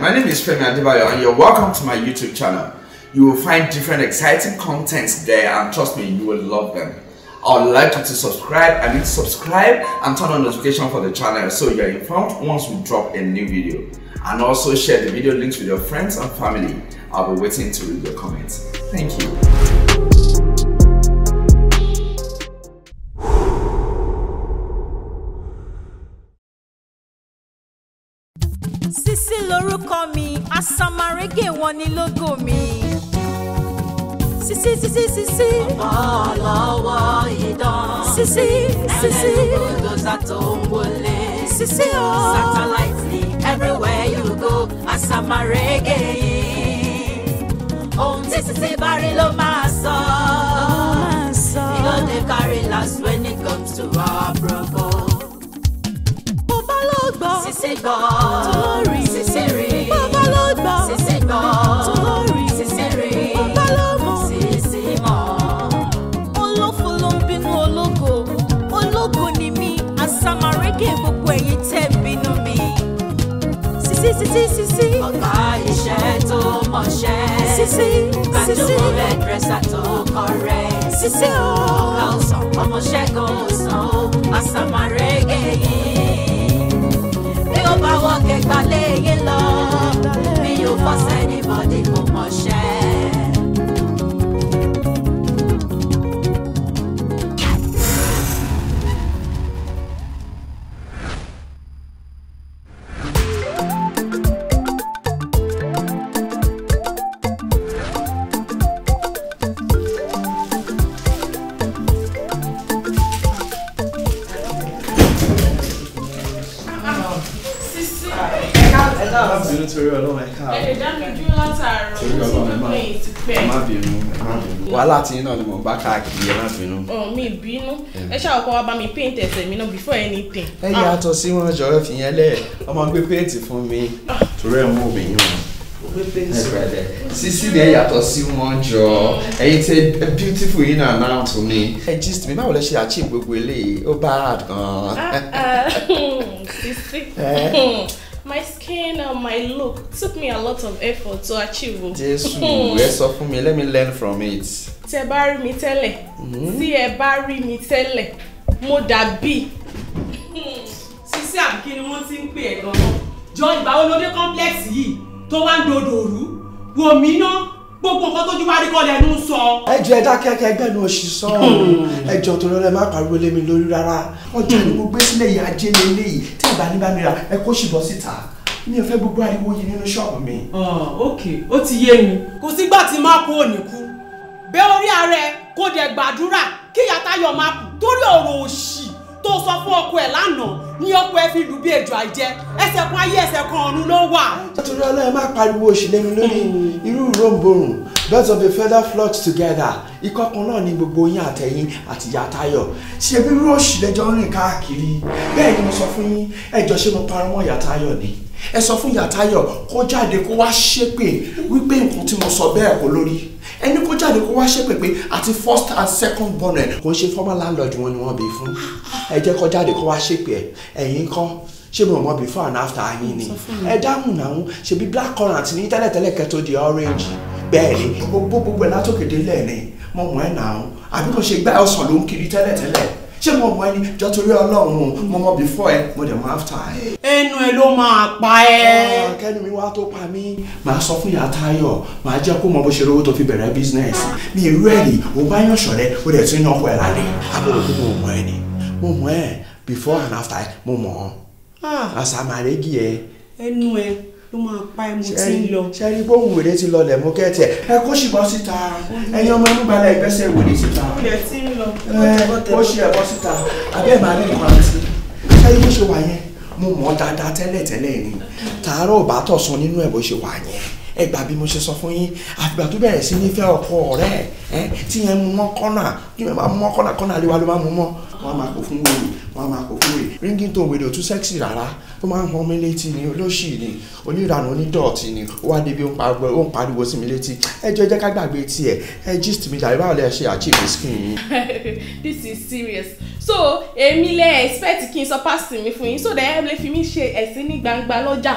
my name is Femi Adebayo and you're welcome to my YouTube channel. You will find different exciting contents there and trust me, you will love them. I would like you to subscribe, and hit subscribe and turn on notification for the channel so you're informed once we drop a new video. And also share the video links with your friends and family. I'll be waiting to read your comments. Thank you. Sisi lorúkọ mi asamarege wọn ni lógo mi. Sisi sisi sisi. Ọ̀pọ̀ lọ́wọ́ idán. Sisi sisi. Ẹlẹ́gbọ̀dọ̀sà tó ń wọlé. Sisi o. Satellite ni everywhere you go asamarege yìí. Ohun tí sisi bá rí ló máa Sisi gbọ́. Torí Sisi rí. Bàbá ló gbà. Sisi gbọ́. Torí Sisi rí. Bàbá ló mọ̀. Sisi mọ̀. Olófo ló ń bínú ológo. Ológo ni mí. Àsàmárégè gbogbo ẹ̀yin tẹ́ bínú mi. Sisi Sisi Sisi. Ọ̀gá iṣẹ́ tó mọṣẹ́. Sisi Sisi. Gbàdúgbò rẹ̀ dírẹ́sà tó kọ́ rẹ̀. Sisi o. Ọ̀gá ọ̀sán ọmọ ṣẹ́gun ọ̀sán o. má bínú torí ọlọ́run ẹ̀ka àwọn. ẹ̀jẹ̀ dá mi dúró látàárọ̀ mo ti gbé èyí ti pẹ́. ẹ má bínú ẹ má bínú wàhálà tí náà ni mo bá káàkiri ẹ má bínú. mi bínú ẹ ṣáà kọ́ wa bá mi paint ẹsẹ̀ mi náà before anything. ẹ ah. yàtọ̀ sí wọn jọ̀rọ̀ fi yẹn lẹ̀ ọmọ gbé paint fún mi ah. torí ẹ̀ mú obìnrin wọn sisi ni ẹ mm. beautiful yìí náà náà tó mi. ẹ gist mi báwo lẹ ṣe achieve gbogbo eléyìí ó bá a gan. Ah, my skin and my look took me a lot of effort to achieve. Jésù hmm. ẹ sọ fún mi let me learn from it. Tẹ bá rí mi tẹ́lẹ̀ hmm. tí ẹ bá rí mi tẹ́lẹ̀ mo dàbí. Hmm. Sísí àbíkí ni wọ́n ti ń pè ẹ̀ gan-an. Jọ ìgbà complex yìí tó wá ń dodò rú? Wò mí náà gbogbo nǹkan tójú bá rí kọ́ lẹ́nu sọ. ẹ jẹ́ ẹ dákẹ́ kẹ́ ẹgbẹ́ nu òṣì sọ hmm. ẹ jọ tó lọ́rẹ́ má pariwo lé mi lórí rárá ọjà ni mo gbé sílẹ̀ yìí ajé mi léyìí tí ìgbà ní bá mi ẹ kó ṣùgbọ́n síta mi ò fẹ́ gbogbo ariwo yìí nínú ṣọ́ọ̀bù mi. Hmm, ok ó ti yé mi. kò sígbà tí má kú òní kú bẹ́ orí ààrẹ kó dẹ̀ gbàdúrà kí ìyá Táyọ̀ má torí ọ̀rọ̀ òṣì tó sọ fún ọkọ ẹ̀ lánàá ní ọkọ ẹ fi lù bí ejò àìjẹ ẹsẹ̀ kan ayé ẹsẹ̀ kan ọ̀run ló wà. nítorí ọlọ́run máa pariwo òṣì lórí irú ìròǹbòrùn birds of a feather flock together ikọ̀ kan náà ni gbogbo yín àtẹ̀yìn àti ìyá Táyọ̀ ṣe bí irú òṣì lẹ́jọ́ ń rìn káàkiri bẹ́ẹ̀ ni mo sọ fún yín ẹjọ́ ṣé mo parọ́ mọ́ ìyá Táyọ̀ ni ẹ sọ fún ìyá Táyọ̀ kó jáde kó wá ṣépè wípé nǹkan tí mo sọ bẹ́ẹ̀ kó lórí ẹni kó jáde kó wá ṣépè pé àti first and second born ẹ̀ kò ń ṣe former landlord wọn ni wọ́n bí fún ẹ jẹ́ kó jáde kó wá ṣépè ẹ̀ ẹ̀yìn kan ṣé mo mọ before and after yín ni ẹ dáhùn náà ṣebí black currant ní tẹ́lẹ̀tẹ́lẹ̀ kẹ́tọ́ di orange bẹ́ẹ̀ ni gbogbo gbogbo ẹ̀ látòkè délẹ̀ ni mo mọ̀ ẹ́ náà àbí kò ṣe gbá ọ̀sán ló ń kiri tẹ́lẹ̀tẹ́lẹ̀ ṣé mo mọ ẹni jọ torí ọlọ́run mo mọ before ẹ mo dẹ̀ mọ after ẹ. ẹnu ẹ ló máa pa ẹ. Ah, kẹ́nu mi wá tó pa mí màá sọ fún ìyá Táyọ̀ màá jẹ́ kó mọ bó ṣe rówó tó fi bẹ̀rẹ̀ business mi irú ẹ̀ rí o bá yàn ṣọ̀rẹ́ o dẹ̀ tún yàn ọkọ ẹ̀ lálẹ́ abúlé mo mọ ẹni mo mọ ẹ before and after mo mọ ọ ah. àṣà màrẹ́gì ẹ. ẹnu ẹ ló máa pa ẹ mo ti ń lọ. sẹ́rí pé òun wèrè ti lọlẹ̀ mú kẹ́tì ẹ̀ ẹ kó ṣìbọn síta ẹ̀yin ọmọ inú balẹ̀ ìgbésẹ̀ wèrè síta. ilẹ̀ ti ń lọ. ẹ kó ṣe ẹ̀kọ́ síta abẹ́ màá rí nǹkan àti sẹ́rí bó ṣe wà yẹn mo mọ̀ dáadáa tẹ́lẹ̀ tẹ́lẹ̀ ni tààrọ̀ bá tọ̀sán nínú ẹ̀ bó ṣe wà yẹn ẹ gbà bí mo ṣe sọ fún yín àgbà tó bẹ̀rẹ̀ sí nífẹ̀ẹ́ ọkọ ọ̀rẹ́ ẹ tí yẹn mú mọ́ kọ́nà kí yẹn máa mú mọ́ kọ́nà kọ́nà àríwá ló máa mú mọ́ wọ́n á máa kó fún wèrè wọ́n á máa kó fún wèrè ringington wèrè ò tún sẹ́ksì rárá tó máa ń hàn mí létí ni olóṣì ni oníranà onídọ̀tí ni ó wá débi ó ń pariwo sí mi létí ẹ jẹ́ jẹ́ ká gbàgbé tiẹ̀ ẹ gist mi dàbí báwo lẹ ṣe achieve skin yín. this is serious so èmi lẹ expect kí n sọ pásítì mi fún yín so that ẹ lè fi mí ṣe ẹ̀sìn ní gbangba lọ́jà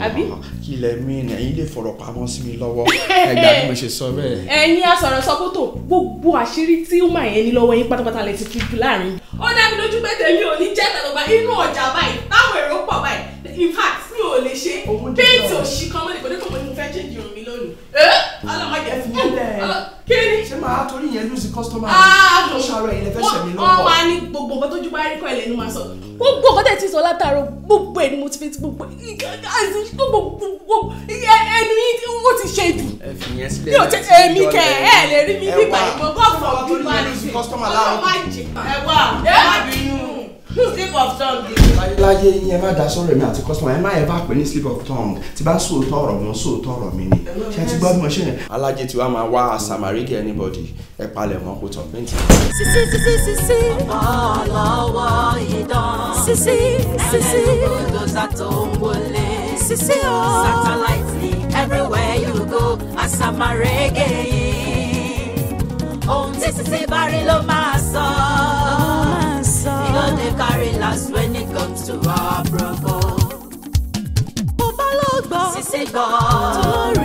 àbí kí lẹ mìíràn ẹ̀yin lè fọ̀rọ̀ pamọ́ sí mi lọ́wọ́ ẹgbẹ́ bí mo ṣe sọ bẹ́ẹ̀. ẹ̀yin asọ̀rọ̀ sọ́kòtò gbogbo àṣírí tí ó máa yẹn ní lọ́wọ́ yín pátápátá lẹ ti fi kú láàrin. ó dá mi lójú pé tèmi ò ní jẹ́ tàlọ́ba inú ọjà báyìí táwọn èrò pọ̀ báyìí in fact mi ò lè ṣe péètì òṣì kan mọ́lẹ̀ kò dé kàn mọ́ ni mo fẹ́ change irun mi lónìí. ọlọ́mọdé fún mi lẹ̀ kí ni. ṣé màá torí yẹn lùsí kọ́sítọ́mà ń ṣàrọ̀ ilẹ̀ fẹ́ ṣẹ̀mí lọ́wọ́. wọ́n máa ní gbogbo nǹkan tójú bá rí kọ́ ilẹ̀ ni máa sọ. gbogbo nǹkan tẹ̀ ti sọ látàárọ̀ gbogbo ẹ̀ ni mo ti fi gbogbo ẹnu yìí ó ti ṣe jù. ẹ fi yẹn sílẹ̀ yóò tẹ èmi kẹ ẹ lè rí mi bíbá ìbọn gọ́ọ̀fọ̀ bíbá ni ṣe ọlọ́ọ̀ má jẹ. ẹ wá ẹ má bínú slip of tongue láyé yín ẹ má dá sọ̀rọ̀ mi àti customer ẹ má ẹ bá pè ní slip of tongue tí bá sòótọ́ ọ̀rọ̀ mọ́ sòótọ́ ọ̀rọ̀ mi ni ṣe ti gbọ́ bí mo ṣe yẹn. alájẹ tí wàá máa wá samarike anybody ẹ palẹ̀ mọ́ kó tọ̀ pẹ́ǹtì. sisi sisi sisi. ọlọ́wọ́ idan. sisi sisi. ẹlẹ́gbọ̀dọ̀ sàtò ń wọlé. sisi o. satellite ni everywhere you go asamarege yìí. ohun tí sisi bá rí ló máa ṣe gbọ́.